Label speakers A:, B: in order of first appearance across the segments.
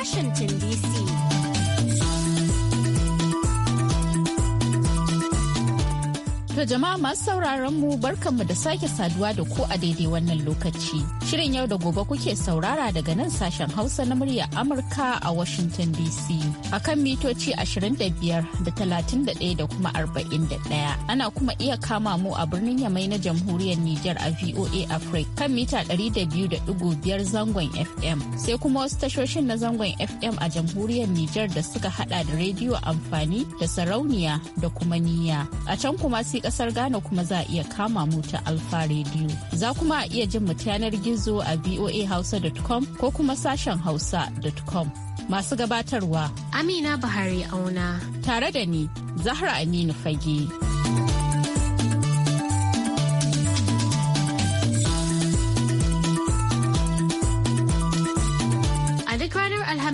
A: Washington, D.C. To jama'a masu sauraron mu barkanmu da sake saduwa da ku a daidai wannan lokaci. Shirin yau da gobe kuke saurara daga nan sashen Hausa na murya Amurka a Washington DC. A kan mitoci 25 da 31 da kuma 41. Ana kuma iya kama mu a birnin Yamai na Jamhuriyar Nijar a VOA Africa kan mita 200.5 zangon FM. Sai kuma wasu tashoshin na zangon FM a Jamhuriyar Nijar da suka hada da rediyo amfani da sarauniya da kuma niyya. A can kuma sai kasar Ghana kuma za a iya kama mu ta Alfa Radio. Za kuma a iya jin mu ta yanar gizo a voahausa.com ko kuma sashen hausa.com. Masu gabatarwa Amina Buhari auna. Tare da ni Zahra Aminu Fage.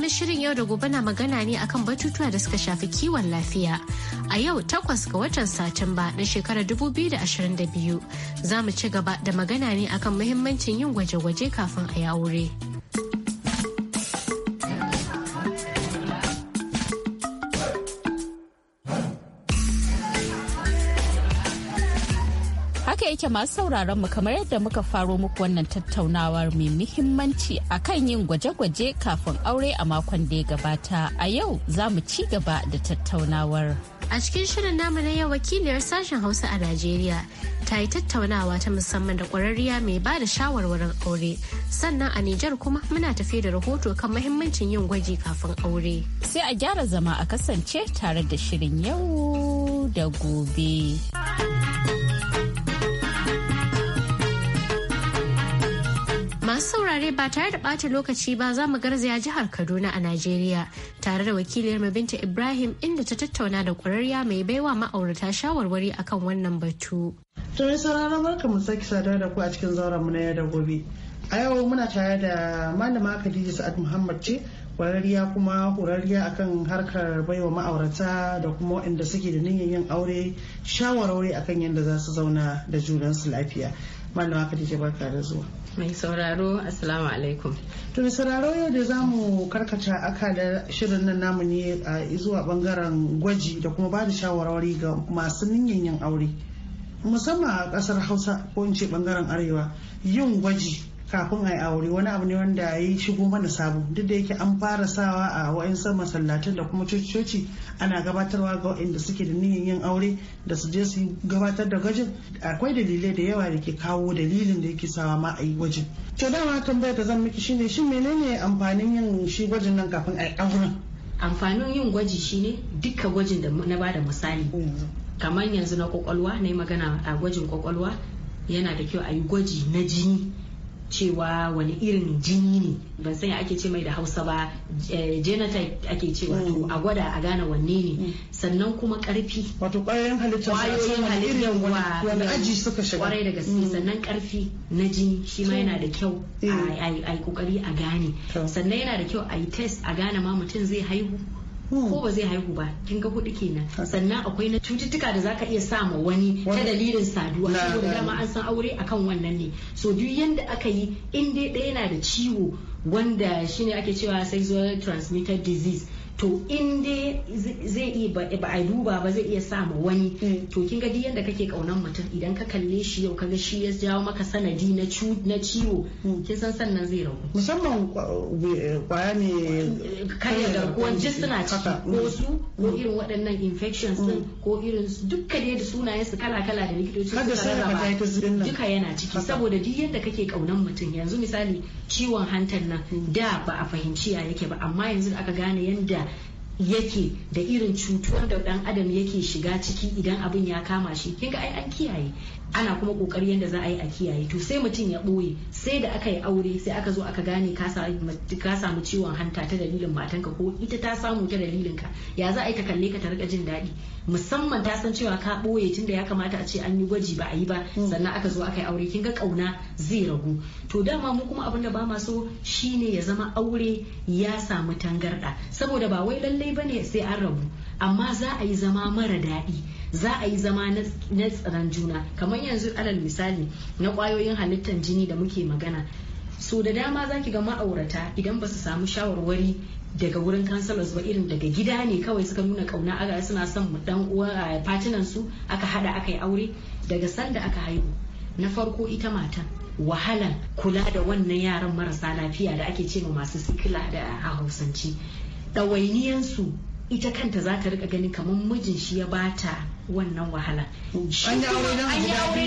B: na shirin yau da gobe na magana ne akan batutuwa da suka shafi kiwon lafiya. A yau takwas ga watan Satumba na shekarar 2022 za mu ci gaba da magana ne akan muhimmancin yin gwaje-gwaje kafin a yi aure.
A: yake masu sauraron mu kamar yadda muka faro muku wannan tattaunawar mai muhimmanci akan yin gwaje-gwaje kafin aure a makon da ya gabata a yau za mu ci gaba da tattaunawar. A cikin shirin namu na yau wakiliyar sashen Hausa a Najeriya
B: ta yi tattaunawa ta musamman da kwararriya mai ba da shawarwarin aure. Sannan a Nijar kuma muna tafiye da rahoto kan mahimmancin yin gwaji kafin aure. Sai a gyara zama a
A: kasance tare da shirin yau da gobe. Masu saurare ba
B: tare da ɓata lokaci ba za mu garzaya jihar Kaduna a Najeriya tare da wakiliyar Binta Ibrahim inda ta tattauna da ƙwararriya mai baiwa ma'aurata shawarwari akan wannan batu.
C: To ne sauraron barka mu saki sadar da ku a cikin zauren mu na yau da gobe. A yau muna tare da malama Khadija Sa'ad Muhammad ce kwararriya kuma horarriya akan harkar baiwa ma'aurata da kuma inda suke da niyyar yin aure shawarwari akan yadda za su zauna da junansu lafiya malama khadija barka da zuwa mai sauraro assalamu alaikum to mai sauraro yau da za mu karkata akalar shirin nan namu ne a zuwa bangaren gwaji da kuma ba da shawarwari ga masu niyan yin aure musamman a kasar hausa ko in ce bangaren arewa yin gwaji kafin a aure wani abu ne wanda ya yi shigo mana sabo duk da yake an fara sawa a wa'insu masallatun da kuma cococi ana gabatarwa ga wa'inda suke da niyyar yin aure da su je su gabatar da gwajin akwai dalilai da yawa da ke kawo dalilin da yake sawa ma a yi gwajin to dama tambayar da zan miki shine shin menene amfanin yin shi gwajin nan kafin a yi auren amfanin yin gwaji
D: shine duka gwajin da na bada misali mm. kamar yanzu na kwakwalwa na yi magana a gwajin kwakwalwa yana da kyau a yi gwaji na jini cewa wani irin jini ne ban sanya ake ce mai da hausa ba eh, genotype ake ce wato a gwada a gane wanne ne mm. sannan kuma karfi wato kwayoyin halittar kwayoyin halittar wani aji suka shiga kwarai da gaske mm. sannan karfi na jini shi ma yana da kyau a mm. yi kokari a gane sannan yana da kyau a yi test a gane ma mutum zai haihu Hmm. ko ba zai haihu ba kin ga kuɗi kenan sannan akwai na cututtuka da zaka iya sa ma wani ta dalilin saduwa saboda dama an san aure akan wannan ne so duk yanda aka yi in dai ɗaya yana da ciwo wanda shine ake cewa sexual transmitted disease to in dai zai iya ba a duba ba zai iya sa ma wani hmm. to kin ga yadda kake kaunan mutum idan ka kalle shi yau kaga shi ya jawo maka sanadi na na ciwo hmm. kin san sannan zai ragu musamman
C: kwaya ne karya garkuwar suna ciki hmm. ko
D: su ko irin waɗannan infections din ko irin dukkan da sunayen su kala kala da likitoci suka rarraba duka yana ciki saboda duk kake kaunan mutum yanzu misali ciwon hantar nan da ba a fahimci ya yake ba amma yanzu da aka gane yadda yake da irin cutuwar da dan adam yake shiga ciki idan abin ya kama shi kin ga ai an kiyaye ana kuma kokari yanda za a yi a kiyaye to sai mutum ya boye sai da aka yi aure sai aka zo aka gane ka samu ciwon hanta ta dalilin matanka ko ita ta samu ta dalilin ka ya za a yi ka kalle ka ta rika jin daɗi musamman ta san cewa ka boye tunda ya kamata a ce an yi gwaji ba a yi ba mm. sannan aka zo aka yi aure kin ga kauna zai ragu to dama mu kuma abin da ba ma so shine ya zama aure ya samu tangarda saboda ba wai lalle kadai ne sai an rabu amma za a yi zama mara daɗi za a yi zama na tsaron juna kamar yanzu alal misali na kwayoyin halittar jini da muke magana so da dama za ki ga ma'aurata idan ba su samu shawarwari daga wurin kansalas ba irin daga gida ne kawai suka nuna kauna aga suna son dan uwa fatinan su aka hada aka yi aure daga sanda aka haihu na farko ita mata wahalan kula da wannan yaran marasa lafiya da ake ce masu sikila da a hausance ɗawainiyansu ita kanta za ta rika gani kamar mijin shi ya bata wannan wahala. An yi aure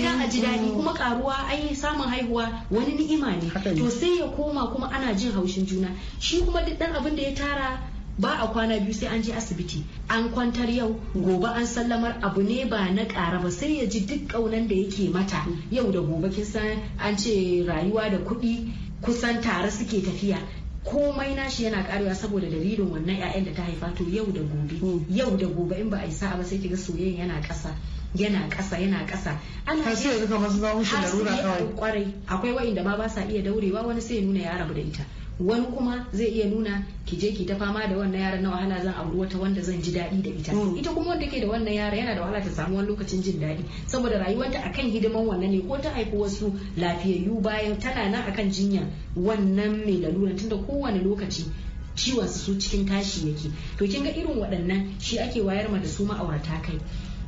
D: don a ji daɗi oh. kuma karuwa ai samun haihuwa wani ni'ima ne. To sai ya koma kuma ana jin haushin juna. Shi kuma duk ɗan abin da ya tara ba a kwana biyu sai an je asibiti an kwantar yau gobe an sallamar abu ne ba na ƙara ba sai ya ji duk ƙaunan da yake mata yau da gobe kin san an ce rayuwa da kuɗi kusan tare suke tafiya komai nashi yana karewa saboda dalilin wannan 'ya'yan da ta haifa to yau da gobe hmm. yau da gobe in ba a yi sa'a ba sai kiga soyayyen yana ƙasa yana ƙasa yana ƙasa ana sai ya kamar su zama shi larura kawai akwai wa'inda ma ba sa iya daurewa wani sai ya nuna ya rabu da ita wani kuma zai iya nuna ki je ki ta fama da wannan yaran na wahala zan auri wata wanda zan ji daɗi da ita mm. ita kuma wanda ke da wannan yara yana da wahala ta samu wani lokacin jin daɗi saboda rayuwarta akan hidiman wannan ne ko ta haifi wasu lafiyayyu bayan tana nan akan jinya wannan mai lalura tunda kowane lokaci ciwon su cikin tashi yake to kin ga irin waɗannan shi ake wayar ma da su ma'aurata kai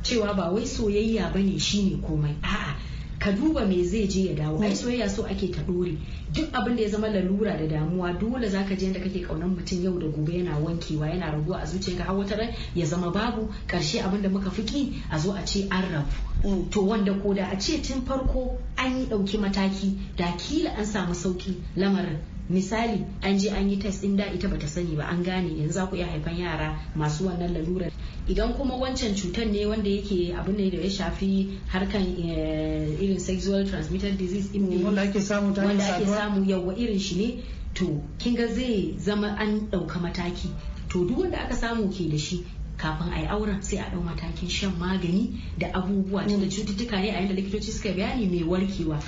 D: cewa ba wai soyayya bane shine komai a'a ka duba me zai je ya dawo ai mm. soyayya so ake ta dore duk abin da ya zama lalura da damuwa dole zaka je inda kake kaunar mutum yau da gobe yana wankewa yana raguwa a zuciyarka har wata ran ya zama babu karshe abin da muka fiki a zo a ce an rabu mm. to wanda ko da a ce tun farko an yi dauki mataki da kila an samu sauki lamarin misali an je an yi test din da ita bata sani ba an gane yanzu za ku iya haifan yara masu wannan lalurar idan kuma wancan cutar ne wanda yake abin ne da ya shafi harkan eh, irin sexual transmitted disease din ne wanda ake samu ta wanda ake samu yawa irin shi ne to kin ga zai zama an ɗauka mataki to duk wanda aka samu ke da shi kafin a yi auren sai a ɗau matakin shan magani da abubuwa tunda cututtuka ne a yadda likitoci suka bayani mai warkewa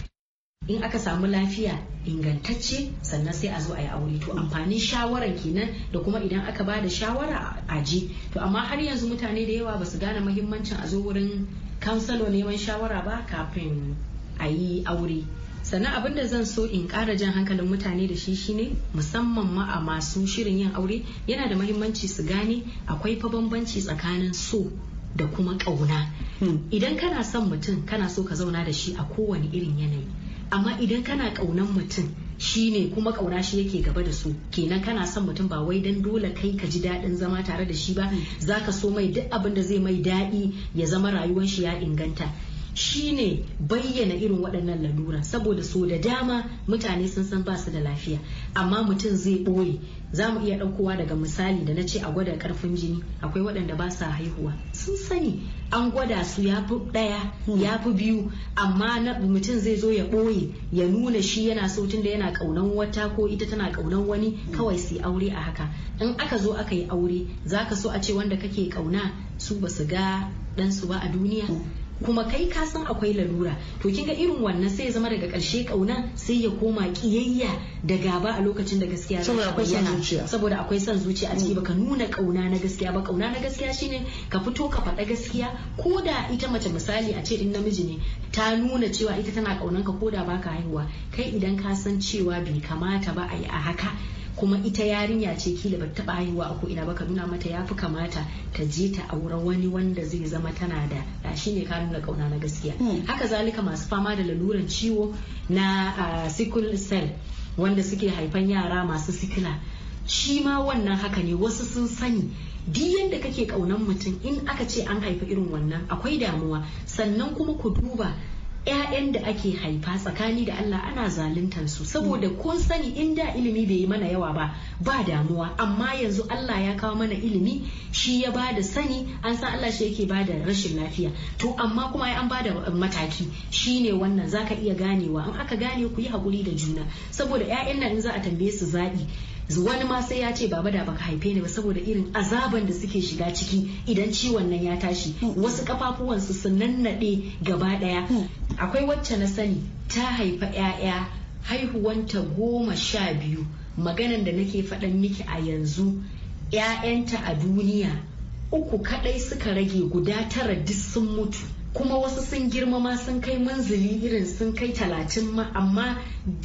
D: in aka samu lafiya ingantacce sannan sai a zo a yi aure to amfanin shawarar kenan da kuma idan aka ba da shawara a je to amma har yanzu mutane da yawa ba su gane mahimmancin a zo wurin kansalo neman shawara ba kafin a yi aure sannan abin da zan so in kara jan hankalin mutane da shi shine musamman ma a masu shirin yin aure yana da mahimmanci su gane akwai fa bambanci tsakanin so da kuma ƙauna hmm. idan kana son mutum kana so ka zauna da shi a kowane irin yanayi amma idan kana ƙaunan mutum shi ne kuma ƙauna shi yake gaba da su kenan kana son mutum ba wai dan dole kai ka ji daɗin zama tare da shi ba mm. zaka so mai duk abin da zai mai daɗi ya zama rayuwar shi ya inganta shine bayyana irin waɗannan lalura saboda so da dama mutane sun san basu da lafiya amma mutum zai ɓoye za mu iya ɗaukowa daga misali da na ce a gwada ƙarfin jini akwai waɗanda ba sa haihuwa sun sani an gwada su ya fi ɗaya ya fi biyu amma mutum zai zo ya ɓoye ya nuna shi yana so da yana ƙaunan wata ko ita tana ƙaunan wani kawai su aure a haka in aka zo aka yi aure za ka so a ce wanda kake ƙauna su ba su ga ɗansu ba a duniya kuma kai ka san akwai lalura to kinga irin wannan sai ya zama daga karshe kauna sai ya koma kiyayya da gaba a lokacin da gaskiya saboda akwai son zuciya saboda akwai son zuciya a ciki baka nuna kauna na gaskiya ba kauna na gaskiya shine ka fito ka faɗa gaskiya ko da ita mace misali a ce din namiji ne ta nuna cewa ita tana kaunanka ka ko da baka haihuwa kai idan ka san cewa bai kamata ba a yi a haka kuma ita yarinya ce kila bata taɓa haihuwa ko ina ba ka nuna mata ya fi kamata ta je ta aura wani wanda zai zama tana da shi ne ka nuna kauna na gaskiya hmm. haka zalika masu fama da laluran ciwo na sickle cell wanda suke haifan yara masu sikila shi ma wannan haka ne wasu sun sani duk yadda kake kaunan mutum in aka ce an haifi irin wannan akwai damuwa sannan kuma ku duba 'ya'yan da ake haifa tsakani da Allah ana zaluntar su saboda kun sani in da ilimi bai yi mana yawa ba ba damuwa amma yanzu Allah ya kawo mana ilimi shi ya ba da sani an san Allah shi yake ba da rashin lafiya to amma kuma an ba da eh, mataki shi ne wannan zaka iya ganewa in aka gane ku yi hakuri da juna saboda 'ya'yan nan in za a tambaye su zaɓi wani ma sai ya ce baba da baka haife ni ba saboda irin azaban da suke shiga ciki idan ciwon nan ya tashi wasu kafafuwan su su nannade gaba daya akwai wacce na sani ta haifa 'ya'ya haihuwanta goma sha biyu maganan da nake faɗan miki a yanzu 'ya'yanta a duniya uku kadai suka rage guda tara duk sun mutu kuma wasu sun girma ma sun kai manzili irin sun kai talatin ma amma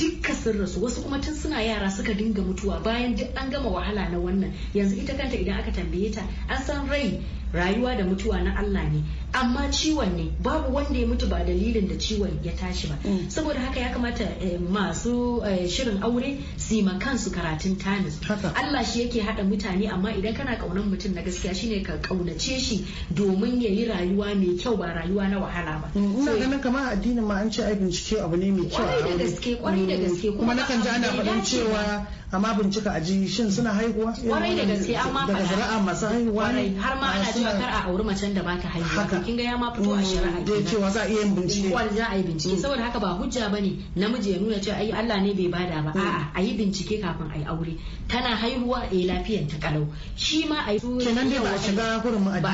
D: dukka sun rasu wasu kuma tun suna yara suka dinga mutuwa bayan duk an gama wahala na wannan yanzu ita kanta idan aka tambaye ta an san rai rayuwa da mutuwa na Allah ne amma ciwon ne babu wanda ya mutu ba dalilin da ciwon ya tashi ba mm. saboda haka ya kamata eh, masu eh, shirin aure su kansu karatun tanis Allah shi yake hada mutane amma idan kana kaunar mutum na gaskiya shine ka kaunace shi domin ya yi rayuwa mai kyau ba rayuwa na wahala ba mm, ina
C: ganin kamar addinin ma an ce ai bincike abu ne mai kyau kwarai da gaske kwarai da mm. gaske kuma nakan ji ana faɗin cewa amma bincika a ji shin suna haihuwa kwarai da gaske amma daga zara'a masu haihuwa ne har ma ana cewa kar a auri macen da bata haihuwa kin ga ya ma fito a mm, shari'a da cewa za a iya yin bincike kwal za
D: a yi bincike mm. saboda haka ba hujja bane namiji ya nuna cewa ai Allah ne bai bada ba mm. a'a a yi bincike kafin a yi aure tana haihuwa eh lafiyar ta kalau shi ma a yi kenan dai ba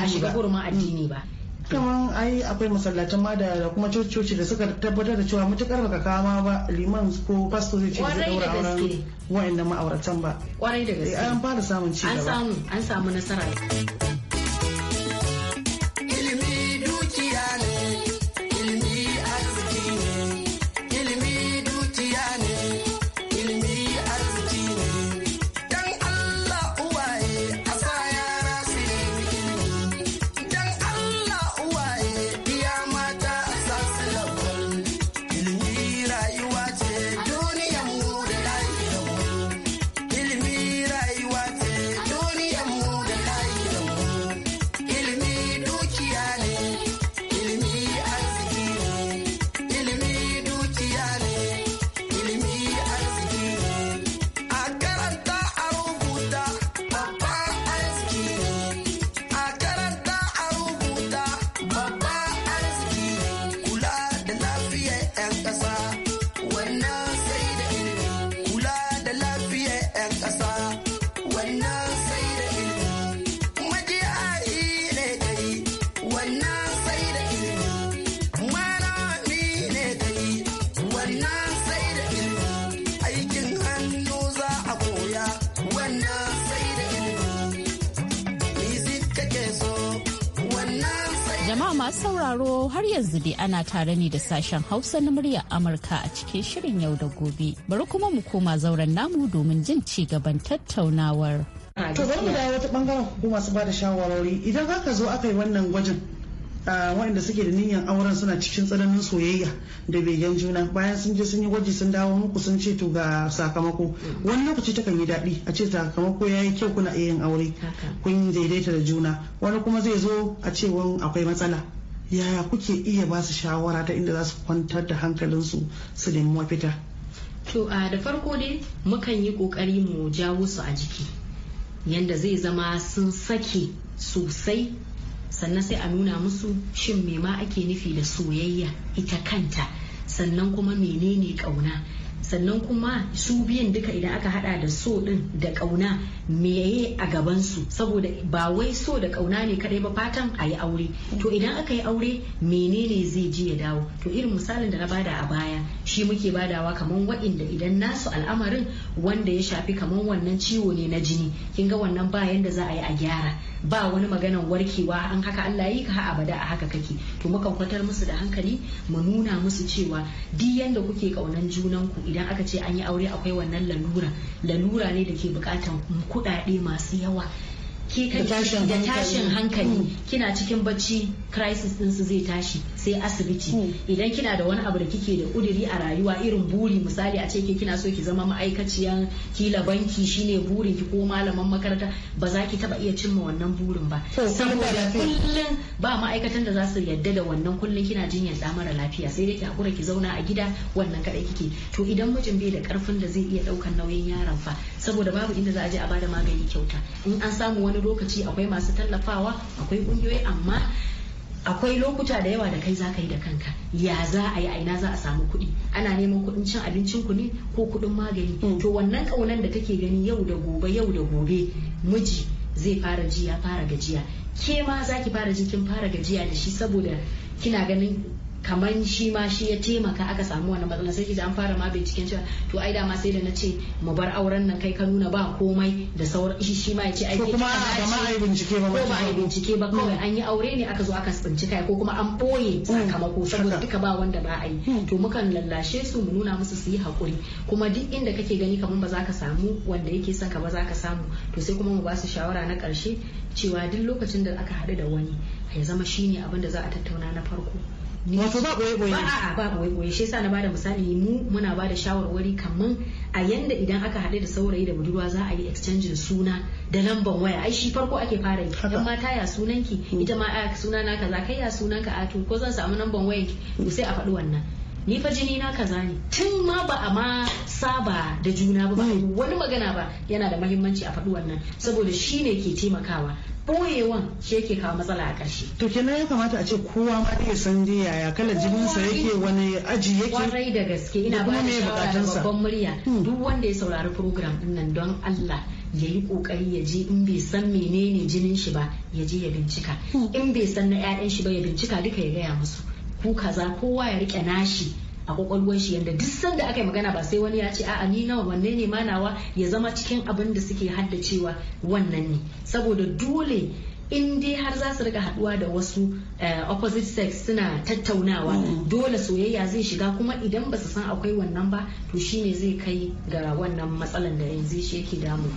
D: a shiga hurumin addini ba
C: kaman ai akwai masallatan ma da kuma cococi da suka tabbatar da cewa matukar baka kama ba liman ko pastor zai ce zai daura auren wa'annan ma'auratan ba kwarai da eh, gaske an fara samun ci gaba an samu nasara
A: sauraro har yanzu dai ana tare ne da sashen Hausa na muryar Amurka a cikin shirin yau da gobe. Bari kuma mu koma zauren namu domin jin ci gaban tattaunawar. To bari mu dawo wata
C: bangaren hukuma masu bada shawarwari idan aka zo aka yi wannan gwajin waɗanda suke da niyyar auren suna cikin tsananin soyayya da begen juna bayan sun je sun yi gwaji sun dawo muku sun ce to ga sakamako wani lokaci takan yi daɗi a ce sakamako ya yi kyau kuna iya yin aure kun daidaita da juna wani kuma zai zo a ce akwai matsala yaya kuke iya ba su shawara ta inda za su kwantar da hankalinsu su nemi mafita
D: to a da farko dai mukan yi kokari mu jawo su a jiki yanda zai zama sun sake sosai sannan sai a nuna musu shin me ma ake nufi da soyayya ita kanta sannan kuma menene kauna sannan kuma su biyan duka idan aka hada da so din da kauna meye a gaban su saboda ba wai so da kauna ne kadai ba fatan a yi aure to idan aka yi aure menene zai ji ya dawo to irin misalin da na bada a baya shi muke badawa kaman waɗanda idan nasu al'amarin wanda ya shafi kaman wannan ciwo ne na jini kin ga wannan bayan da za a yi a gyara ba wani maganan warkewa an haka Allah yi ka ha abada a haka kake to mukan kwatar musu da hankali mu nuna musu cewa duk yanda kuke kaunan junan ku idan aka ce an yi aure akwai wannan lalura lalura ne da ke bukatan kuɗaɗe masu yawa
E: ke kan da tashin hankali mm.
D: kina cikin bacci crisis din su zai tashi sai asibiti mm. idan kina da wani abu da kike da kuduri a rayuwa irin buri misali a ce ke kina so ki zama ma'aikaciyan kila banki shine burin ki ko malaman makaranta ba za ki taba iya cimma wannan burin ba saboda kullun ba ma'aikatan da za su yadda da wannan kullun kina jinyar da mara lafiya sai dai ki hakura ki zauna a gida wannan kadai kike to idan mijin bai da karfin da zai iya daukan nauyin yaron fa saboda babu inda za a je a bada magani kyauta in an samu wani lokaci akwai masu tallafawa akwai kungiyoyi amma akwai lokuta da yawa da kai za ka yi da kanka ya za a yi aina za a samu kuɗi ana neman kuɗin cin abincin ku ne ko kuɗin magani mm. to wannan ƙaunar da take gani yau da gobe yau da gobe miji zai fara ji ya fara gajiya ke ma za ki fara jikin fara gajiya da shi saboda kina ganin kamar shi ma shi ya taimaka aka samu wannan matsala sai da an fara ma binciken cewa to ai da ma sai da nace mu bar auren nan kai ka nuna ba komai da sauran shi shi ma ya ce ai kuma ba ma ai bincike ba ko ba ai bincike ba kawai hmm. an yi aure ne aka zo aka tsinci ko kuma an boye hmm. sakamako saboda duka ba wanda ba ai hmm. to mukan lallashe su mu nuna musu su yi hakuri kuma duk inda kake gani kamar ba za ka samu wanda yake son ka ba za ka samu to sai kuma mu ba su shawara na karshe cewa duk lokacin da aka haɗu da wani ya zama shine abin da za a tattauna na farko wato ba boye boye ba ba boye boye shi yasa na bada misali mu muna bada shawarwari kaman a yanda idan aka haɗu da saurayi da budurwa za a yi exchange suna da lamban waya ai shi farko ake fara yi yan mata ya sunanki mm. ita ma a suna na kaza kai ya sunanka a to ko zan samu lamban wayan to sai a faɗi wannan ni fa jini na kaza ne tun ma ba a ma saba da juna ba wani magana ba yana da mahimmanci a faɗi wannan saboda shi ne ke taimakawa boyewan shi yake kawo matsala a ƙarshe.
C: To kenan ya kamata a ce kowa ma ya san dai yaya kalar jininsa yake wani aji yake. Kwarai da gaske ina ba da shawara da babban
D: murya hmm. duk wanda ya saurari program din nan don Allah ya yi kokari ya je in bai san menene jinin shi ba ya je ya bincika hmm. in bai san na 'ya'yan shi ba ya bincika duka ya gaya musu ku kaza kowa ya rike nashi a kwakwalwar shi yadda duk sanda aka yi magana ba sai wani ya ce a'a ni nawa wanne ne ma nawa ya zama cikin abin da suke haddacewa wannan ne saboda dole in dai har za su rika haduwa da wasu eh, opposite sex suna tattaunawa mm. dole soyayya zai shiga kuma idan ba su san akwai wannan ba to shine zai kai ga wannan matsalan da yanzu shi yake damu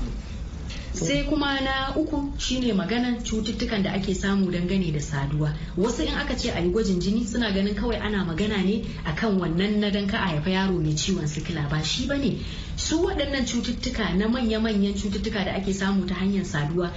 D: sai kuma na uku shine maganan cututtukan da ake samu dangane da saduwa wasu in aka ce a yi gwajin jini suna ganin kawai ana magana ne akan wannan na danka a haifa yaro mai ciwon sikila ba shi ba ne su waɗannan cututtuka na manya-manyan cututtuka da ake samu ta hanyar saduwa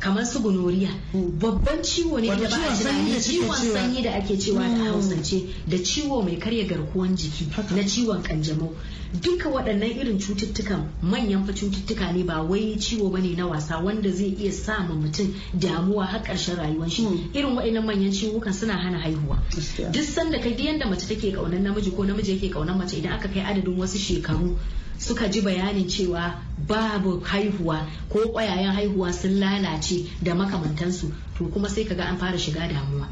D: kamar su gonoriya hmm. babban ciwo ne da ba a ciwon sanyi da ake cewa da hmm. hausance da ciwo mai karya garkuwan jiki na ciwon kanjamau duka waɗannan irin cututtukan manyan fa cututtuka ne ba wai ciwo ba ne na wasa wanda zai iya sa ma mutum damuwa har ƙarshen rayuwar shi hmm. irin waɗannan manyan ciwukan suna hana haihuwa duk sanda kai yanda mace take kaunar namiji ko namiji yake kaunar mace idan aka kai adadin wasu shekaru suka ji bayanin cewa babu haihuwa ko ƙwayayen haihuwa sun lalace da makamantansu to kuma sai kaga an fara shiga damuwa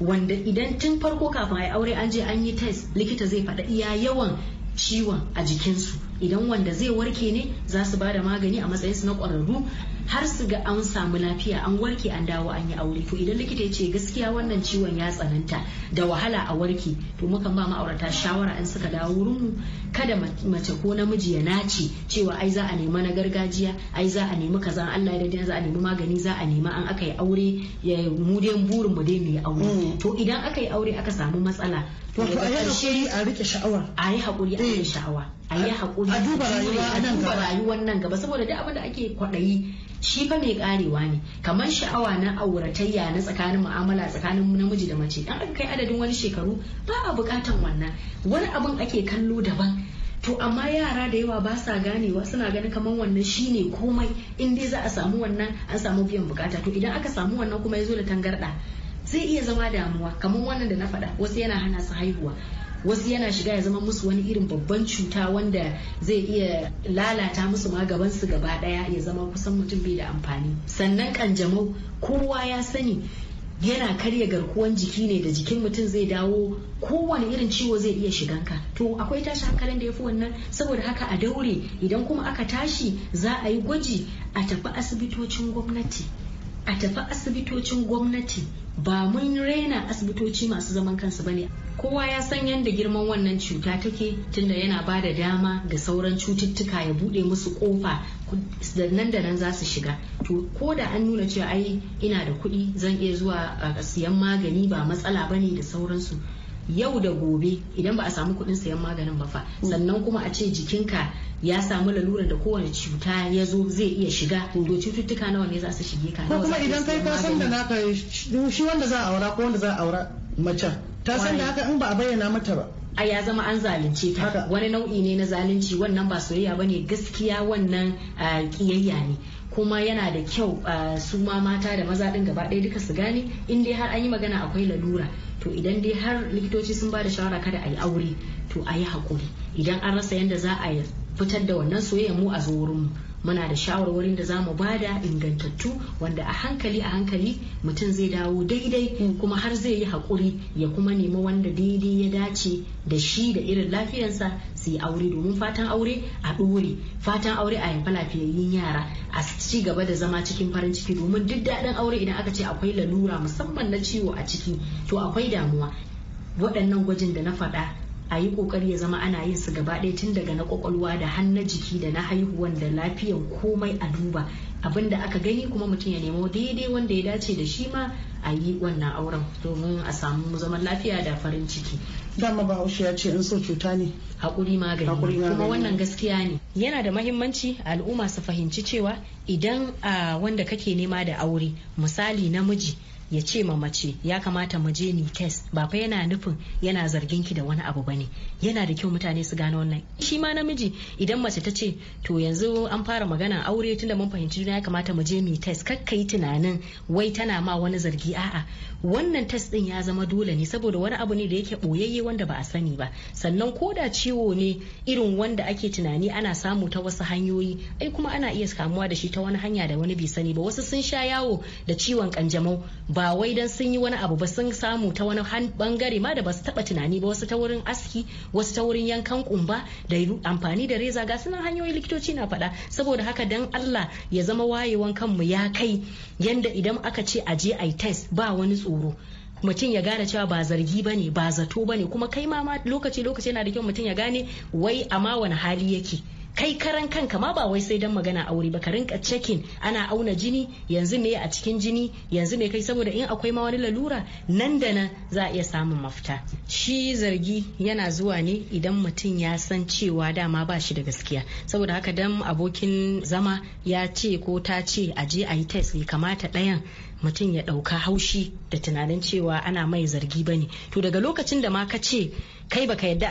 D: wanda idan tun farko kafin a aure an je an yi test likita zai faɗa iya yawan ciwon a jikinsu idan wanda zai warke ne za su ba da magani a matsayin su na ƙwararru har su ga an samu lafiya an warke an dawo an yi aure to idan likita ya ce gaskiya wannan ciwon ya tsananta da wahala a warke to mukan ba ma'aurata shawara in suka dawo wurin mu kada mace ko namiji ya nace cewa ai za a nemi na gargajiya ai za a nemi kaza Allah ya da za a nemi magani za a nemi an aka yi aure ya mu dai burin mu dai mu yi aure mm. to idan aka yi aure aka samu matsala to a yi hakuri a rike eh. sha'awa a yi hakuri a rike sha'awa a yi hakuri a duba gaba rayuwar nan gaba saboda duk abin da ake kwaɗayi shi fa mai karewa ne kamar sha'awa na auratayya na tsakanin mu'amala tsakanin namiji da mace dan aka kai adadin wani shekaru ba a bukatan wannan wani abin ake kallo daban to amma yara da yawa ba sa ganewa suna ganin kamar wannan ne komai in dai za a samu wannan an samu biyan bukata to idan aka samu wannan kuma ya zo da tangarda zai iya zama damuwa kamar wannan da na faɗa wasu yana hana su haihuwa wasu yana shiga ya zama musu wani irin babban cuta wanda zai iya lalata musu ma gaban su gaba daya ya zama kusan mutum bai da amfani sannan kanjamau kowa ya sani yana karya garkuwan jiki ne da jikin mutum zai dawo kowane irin ciwo zai iya shigan to akwai tashi hankalin da ya fi wannan saboda haka a daure idan kuma aka tashi za a yi gwaji a tafi asibitocin gwamnati a tafi asibitocin gwamnati ba mun raina asibitoci masu zaman kansu bane kowa ya san yadda girman wannan cuta take tunda yana ba da dama ga sauran cututtuka ya bude musu kofa da nan da nan za su shiga to ko da an nuna cewa ai ina da kuɗi zan iya zuwa a siyan magani ba matsala ne da sauransu yau da gobe idan ba a samu kuɗin siyan maganin ba fa mm. sannan kuma a ce jikinka ya samu lalurar da kowane cuta ya zo zai iya shiga to cututtuka nawa ne za su shige ka ko kuma idan kai ka san da naka
C: shi wanda za a aura ko wanda za a aura mace ta san da haka in ba a bayyana mata ba
D: a ya zama an zalunce ta wani nau'i ne na zalunci wannan ba soyayya bane gaskiya wannan kiyayya ne kuma yana da kyau su ma mata da maza din gaba ɗaya duka su gane in dai har an yi magana akwai lalura to idan dai har likitoci sun ba da shawara kada a yi aure to a yi haƙuri idan an rasa yadda za a fitar da wannan soyayya mu a zo wurin mu muna da shawarwarin da za mu bada ingantattu wanda a hankali a hankali mutum zai dawo daidai kuma har zai yi haƙuri ya kuma nemi wanda daidai ya dace da shi da irin lafiyarsa su yi aure domin fatan aure a ɗore fatan aure a haifa lafiyayyun yara a ci gaba da zama cikin farin ciki domin duk daɗin aure idan aka ce akwai lalura musamman na ciwo a ciki to akwai damuwa waɗannan gwajin da na faɗa a yi kokari ya zama ana yin su gaba ɗaya tun daga na kwakwalwa da hannu jiki da na haihuwan da lafiyan komai a duba abin da aka gani kuma mutum ya nemo daidai wanda ya dace da shi ma a yi wannan auren domin a samu zaman lafiya da farin ciki dama ba haushe ya ce in so cuta ne hakuri magani kuma wannan gaskiya ne yana da mahimmanci al'umma su fahimci cewa idan a ah, wanda kake nema da aure misali namiji ya ce ma mace ya kamata mu je ni test ba fa yana nufin yana zargin ki da wani abu bane yana da kyau mutane su gane wannan shi ma namiji idan mace ta ce to yanzu an fara magana aure tun da mun fahimci juna ya kamata mu je mu test kakka yi tunanin wai tana ma wani zargi a'a wannan test din ya zama dole ne saboda wani abu ne da yake boyayye wanda ba a sani ba sannan ko da ciwo ne irin wanda ake tunani ana samu ta wasu hanyoyi ai kuma ana iya kamuwa da shi ta wani hanya da wani bai sani ba wasu sun sha yawo da ciwon kanjamau ba ba wai dan sun yi wani abu ba sun samu ta wani bangare ma da ba su taba tunani ba wasu ta wurin aski wasu ta wurin yankan kumba da amfani da reza ga sunan hanyoyi likitoci na faɗa saboda haka dan Allah ya zama wayewan kanmu ya kai yanda idan aka ce a je ai test ba wani tsoro mutum ya gane cewa ba zargi ba ne ba zato ba ne kuma kai ma lokaci lokaci yana da kyau mutum ya gane wai a ma wani hali yake kai karan kanka ma ba wai sai dan magana aure ba ka rinka cekin ana auna jini yanzu me a cikin jini yanzu me kai saboda in akwai ma wani lalura nan da nan za a iya samun mafita shi zargi yana zuwa ne idan mutum ya san cewa dama ba shi da gaskiya saboda haka dan abokin zama ya ce ko ta ce a je a yi test bai kamata ɗayan mutum ya ɗauka haushi da tunanin cewa ana mai zargi ba ne to daga lokacin da ma ka ce kai baka yadda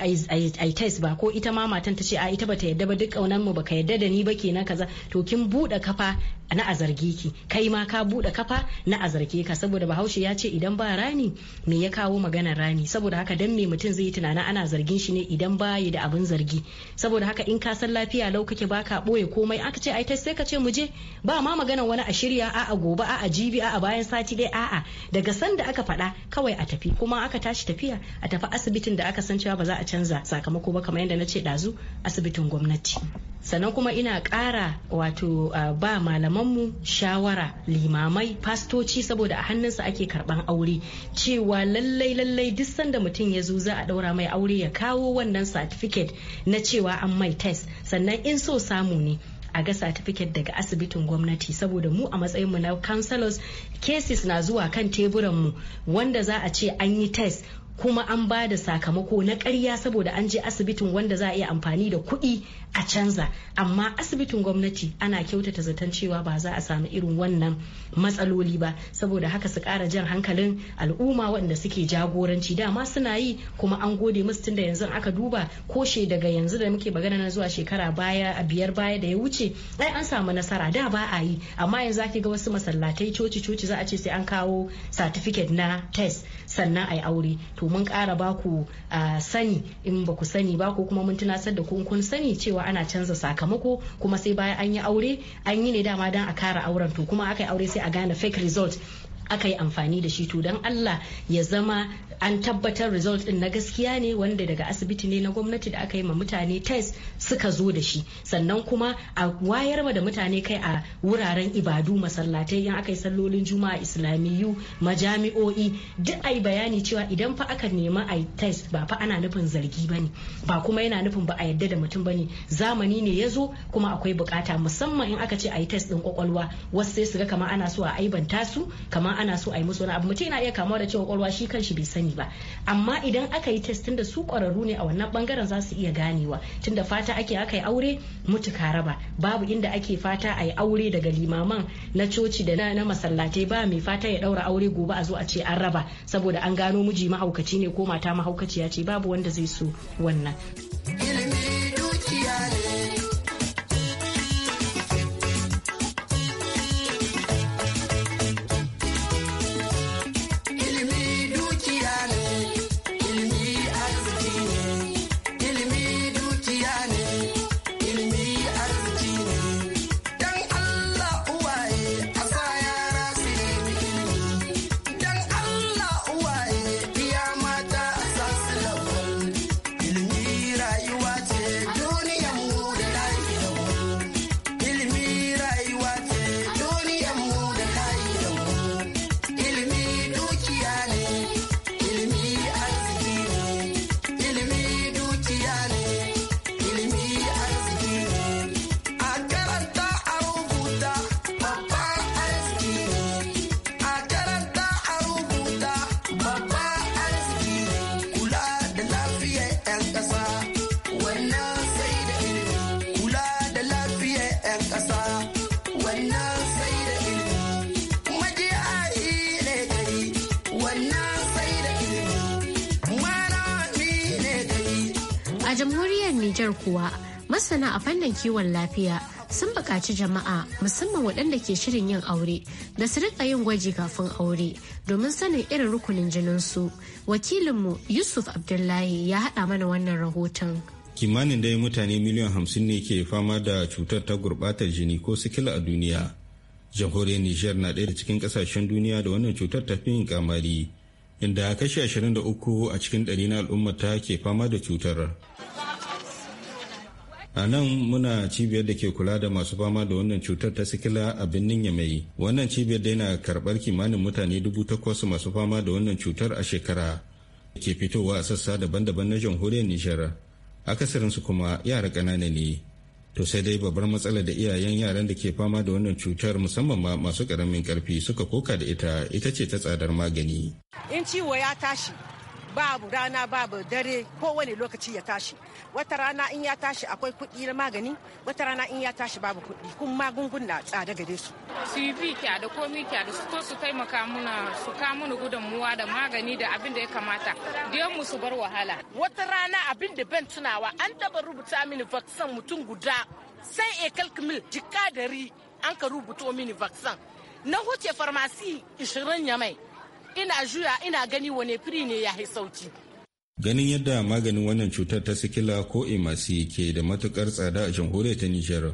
D: a yi test ba ko ita ma matan ta ce a ita bata yadda ba duk ƙaunar mu baka yadda da ni ba kenan kaza to kin buɗe kafa na a zarge ki kai ma ka bude kafa na a zarge ka saboda bahaushe ya ce idan ba rani me ya kawo magana rani saboda haka dan me mutum zai yi tunanin ana zargin shi ne idan ba da abin zargi saboda haka in ka san lafiya lau kake baka boye komai aka ce ai sai ka ce mu je ba ma magana wani a shirya a a gobe a a jibi a a bayan sati dai a a daga san da aka faɗa kawai a tafi kuma aka tashi tafiya a tafi asibitin da aka san cewa ba za a canza sakamako ba kamar yadda na ce dazu asibitin gwamnati sannan kuma ina kara wato ah, ba malaman malamanmu shawara limamai fastoci saboda a hannunsa ake karban aure cewa lallai lallai duk sanda mutum ya zo za a daura mai aure ya kawo wannan satifiket na cewa an mai test sannan in so samu ne a ga satifiket daga asibitin gwamnati saboda mu a matsayin mu na counselors cases na zuwa kan teburan mu wanda za a ce an yi test kuma an ba da sakamako na karya saboda an je asibitin wanda za a iya amfani da kuɗi a canza amma asibitin gwamnati ana kyautata zaton cewa ba za a samu irin wannan matsaloli ba saboda haka su ƙara jan hankalin al'umma waɗanda suke jagoranci dama suna yi kuma an gode musu tun da yanzu aka duba ko she daga yanzu da muke magana na zuwa shekara baya a biyar baya da ya wuce ai an samu nasara da ba a yi amma yanzu ake ga wasu masallatai coci coci za a ce sai an kawo certificate na test sannan a yi aure to mun ƙara ba ku sani in ba ku sani ba ko kuma mun tunasar da kun sani cewa ana canza sakamako kuma sai bayan an yi aure an yi ne dama dan a kara auren to kuma aka yi aure sai a gane fake result aka yi amfani da shi to don Allah ya zama an tabbatar result din na gaskiya ne wanda daga asibiti ne na gwamnati da aka yi ma mutane test suka zo da shi sannan kuma a wayar ma da mutane kai a wuraren ibadu masallatai yan aka yi sallolin juma'a islamiyu majami'o'i duk ai bayani cewa idan fa aka nema a test ba fa ana nufin zargi bane ba kuma yana nufin ba a yadda da mutum bane zamani ne ya zo kuma akwai bukata musamman in aka ce a yi test din kwakwalwa wasu sai su ga kamar ana so a aibanta su kamar ana so a yi musu wani abu mutum yana iya kamuwa da cewa kwakwalwa shi kanshi bai sani ba amma idan aka yi test da su kwararru ne a wannan bangaren za su iya ganewa tunda fata ake aka yi aure mutuka raba babu inda ake fata a yi aure daga limaman na coci da na masallatai ba mai fata ya ɗaura aure gobe a zo a ce an raba saboda an gano miji mahaukaci ne ko mata mahaukaciya ce babu wanda zai so wannan.
B: Nijar kuwa masana a fannin kiwon lafiya sun bukaci jama'a musamman waɗanda ke shirin yin aure da su rika yin gwaji kafin aure domin sanin irin rukunin jininsu. Wakilinmu Yusuf Abdullahi ya haɗa mana wannan rahoton.
E: Kimanin dai mutane miliyan hamsin ne ke fama da cutar ta gurɓatar jini ko sikila a duniya. Jamhuriyar Nijar na ɗaya da cikin ƙasashen duniya da wannan cutar ta fi yin kamari. inda kashi 23 a cikin ɗari na ta ke fama da cutar a nan muna cibiyar da ke kula da masu fama da wannan cutar ta sikila a birnin yamai wannan cibiyar da yana karɓar kimanin mutane dubu takwas masu fama da wannan cutar a shekara ke fitowa a sassa daban-daban na jamhuriyar nijar su kuma yara ƙanana ne to sai dai babbar matsala da iyayen yaran da ke fama da wannan cutar musamman ma masu ƙaramin ƙarfi suka koka da ita ita ce ta tsadar magani
A: in ciwo ya tashi babu rana babu dare kowane lokaci ya tashi wata rana in ya tashi akwai kuɗi na magani wata rana in ya tashi babu kuɗi kuma magunguna tsada gare su su yi bi kya da komi kya da su to su taimaka muna su ka muna gudunmuwa da magani da abin da ya kamata da mu su bar wahala wata rana abin da ban tunawa an taba rubuta mini vaccine mutum guda sai ekalkmil jika dari an ka rubuto mini vaccine na huce farmasi 20 yamai ina juya ina gani wane firi ne ya yi sauki
E: ganin yadda maganin wannan cutar ta sikila ko emasi ke da matukar tsada a jamhuriyar ta nijar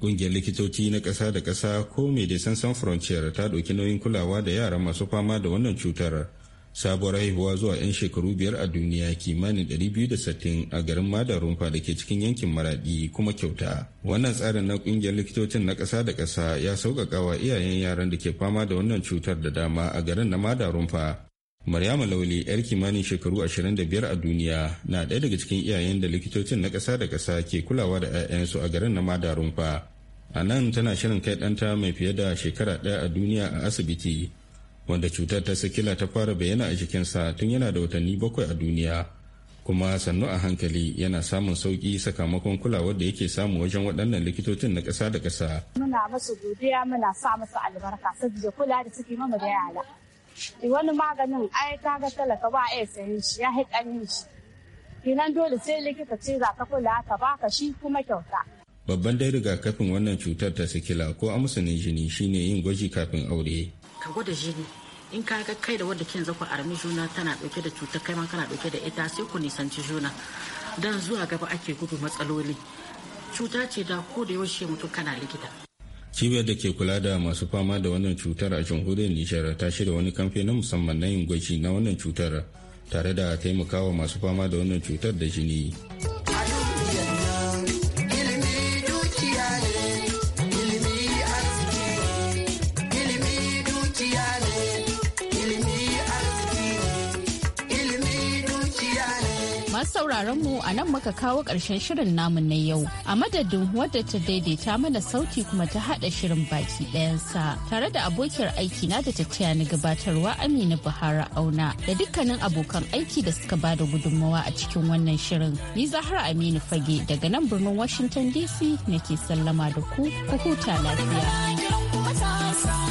E: ƙungiyar likitoci na ƙasa da ƙasa ko mai medecins sansan frontier ta ɗauki nauyin kulawa da yara masu fama da wannan cutar sabuwar haihuwa zuwa 'yan shekaru biyar a duniya kimanin 260 a garin madarun rumfa da ke cikin yankin maradi kuma kyauta wannan tsarin na kungiyar likitocin na ƙasa da ƙasa ya sauƙaƙa wa iyayen yaran da ke fama da wannan cutar da dama a garin na madarun rumfa Maryama Lauli yar kimanin shekaru 25 a duniya na ɗaya daga cikin iyayen da likitocin na ƙasa da ƙasa ke kulawa da 'ya'yansu a garin na Madarunfa. A nan tana shirin kai ɗanta mai fiye da shekara ɗaya a duniya a asibiti wanda cutar ta sikila ta fara bayyana a jikinsa tun yana da watanni bakwai a duniya kuma sannu a hankali yana samun sauki sakamakon kulawar da yake samu wajen waɗannan likitocin na ƙasa da ƙasa.
A: Muna masu godiya muna sa masu albarka saboda kula da suke mama da yara. Wani maganin ai ta ga talaka ba a sayan shi ya haƙarin shi. Kinan dole sai likita ce za ka kula ka baka shi kuma kyauta.
E: Babban dai rigakafin wannan cutar ta sikila ko amsanin jini shine yin gwaji kafin aure.
A: ka gwada jini in ka ga kai da wanda kin zaku armi juna tana dauke da cutar kai ma kana dauke da ita sai ku nisanci juna dan zuwa gaba ake gudu matsaloli cuta ce da ko da yaushe mutum kana likita
E: cibiyar da ke kula da masu fama da wannan cutar a jamhuriyar nijar ta shirya wani kamfe na musamman na yin gwaji na wannan cutar tare da taimakawa masu fama da wannan cutar da jini.
A: sauraron mu a nan muka kawo ƙarshen shirin namu na yau. A madadin wadda ta daidaita mana sauti kuma ta haɗa shirin baki ɗayansa tare da abokiyar aiki na da tattaya na gabatarwa Amina Buhari Auna da dukkanin abokan aiki da suka bada gudunmawa a cikin wannan shirin. Ni Zahra Aminu Fage daga nan birnin Washington DC nake sallama da ku ku huta
F: lafiya.